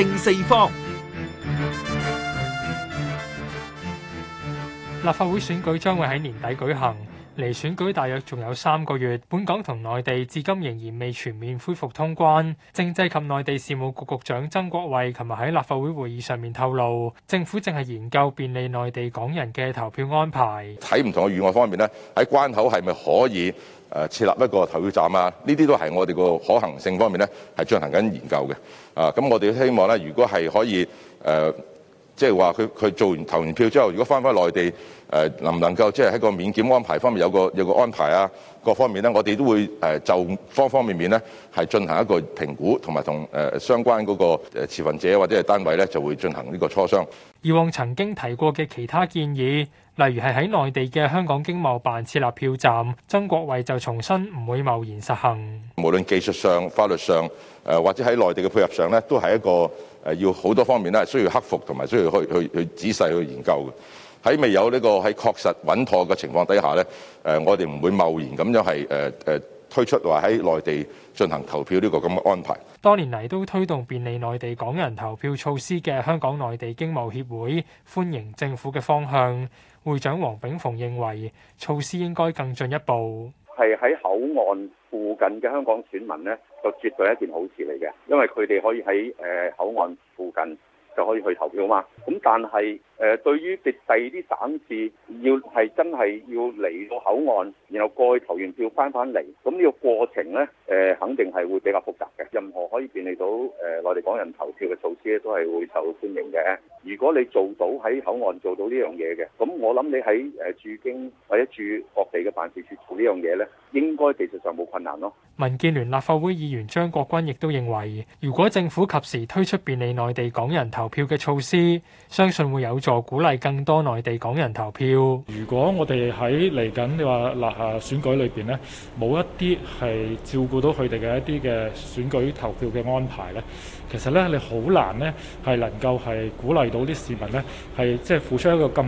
正四方，立法會選舉將會喺年底舉行。離選舉大約仲有三個月，本港同內地至今仍然未全面恢復通關。政制及內地事務局局長曾國衞琴日喺立法會會議上面透露，政府正係研究便利內地港人嘅投票安排。喺唔同嘅預案方面咧，喺關口係咪可以誒設立一個投票站啊？呢啲都係我哋個可行性方面咧係進行緊研究嘅。啊，咁我哋都希望咧，如果係可以誒。即係話，佢佢做完投完票之後，如果翻返內地，誒、呃，能唔能夠？即係喺個免檢安排方面有個有個安排啊？各方面呢，我哋都會誒就方方面面呢，係進行一個評估，同埋同誒相關嗰個持份者或者係單位呢，就會進行呢個磋商。以往曾經提過嘅其他建議，例如係喺內地嘅香港經貿辦設立票站，曾國衛就重申唔會貿然實行。無論技術上、法律上，誒或者喺內地嘅配合上呢，都係一個誒要好多方面呢，需要克服同埋需要去去去，去仔細去研究嘅。喺未有呢個喺確實穩妥嘅情況底下咧，誒我哋唔會貿然咁樣係誒誒推出話喺內地進行投票呢個咁嘅安排。多年嚟都推動便利內地港人投票措施嘅香港內地經貿協會歡迎政府嘅方向。會長黃炳鳳認為措施應該更進一步，係喺口岸附近嘅香港選民咧，就絕對係一件好事嚟嘅，因為佢哋可以喺誒口岸附近。就可以去投票嘛？咁但係誒對於別第啲省市，要係真係要嚟到口岸，然後過去投完票翻返嚟，咁呢個過程咧，誒肯定係會比較複雜嘅。任何可以便利到誒內地港人投票嘅措施咧，都係會受歡迎嘅。如果你做到喺口岸做到呢樣嘢嘅，咁我諗你喺誒駐京或者駐各地嘅辦事處做呢樣嘢咧，應該技術上冇困難咯。民建聯立法會議員張國軍亦都認為，如果政府及時推出便利內地港人投投票嘅措施，相信會有助鼓勵更多內地港人投票。如果我哋喺嚟緊你話嗱下選舉裏邊呢，冇一啲係照顧到佢哋嘅一啲嘅選舉投票嘅安排呢，其實呢，你好難呢，係能夠係鼓勵到啲市民呢，係即係付出一個咁。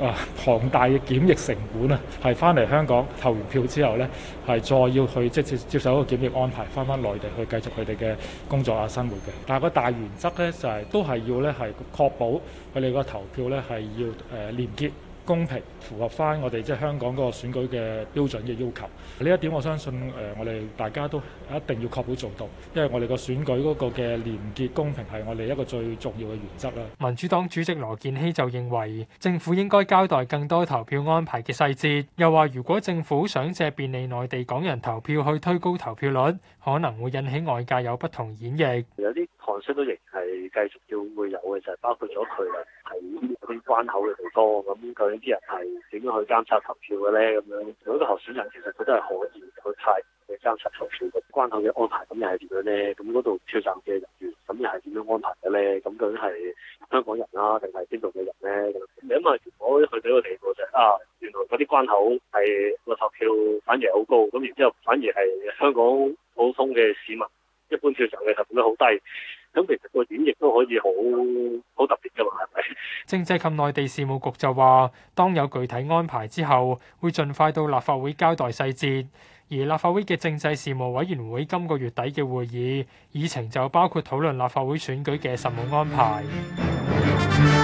啊！龐大嘅檢疫成本啊，係翻嚟香港投完票之後呢，係再要去即、就係、接接受一個檢疫安排，翻翻內地去繼續佢哋嘅工作啊生活嘅。但係個大原則呢，就係、係、都係要呢，係確保佢哋個投票呢，係要誒、呃、連結。公平符合翻我哋即係香港嗰個選舉嘅標準嘅要求，呢一點我相信誒、呃、我哋大家都一定要確保做到，因為我哋個選舉嗰個嘅廉潔公平係我哋一個最重要嘅原則啦。民主黨主席羅健熙就認為政府應該交代更多投票安排嘅細節，又話如果政府想借便利內地港人投票去推高投票率，可能會引起外界有不同演繹。有啲頭先都仍係繼續要會有嘅，就係、是、包括咗佢喺啲關口嘅地方。咁究竟啲人係點樣去監察投票嘅咧？咁樣每一個候選人其實佢都係可以去派去監察投票嘅關口嘅安排咁又係點樣咧？咁嗰度票站嘅人員咁又係點樣安排嘅咧？咁究竟係香港人啦、啊，定係邊度嘅人咧？咁你因為如果去到嗰個地步就是、啊，原來嗰啲關口係個投票反而好高，咁然之後反而係香港普通嘅市民一般票站嘅投票都好低。咁其實個點亦都可以好好特別㗎嘛，係咪？政制及內地事務局就話，當有具體安排之後，會盡快到立法會交代細節。而立法會嘅政制事務委員會今個月底嘅會議議程就包括討論立法會選舉嘅實務安排。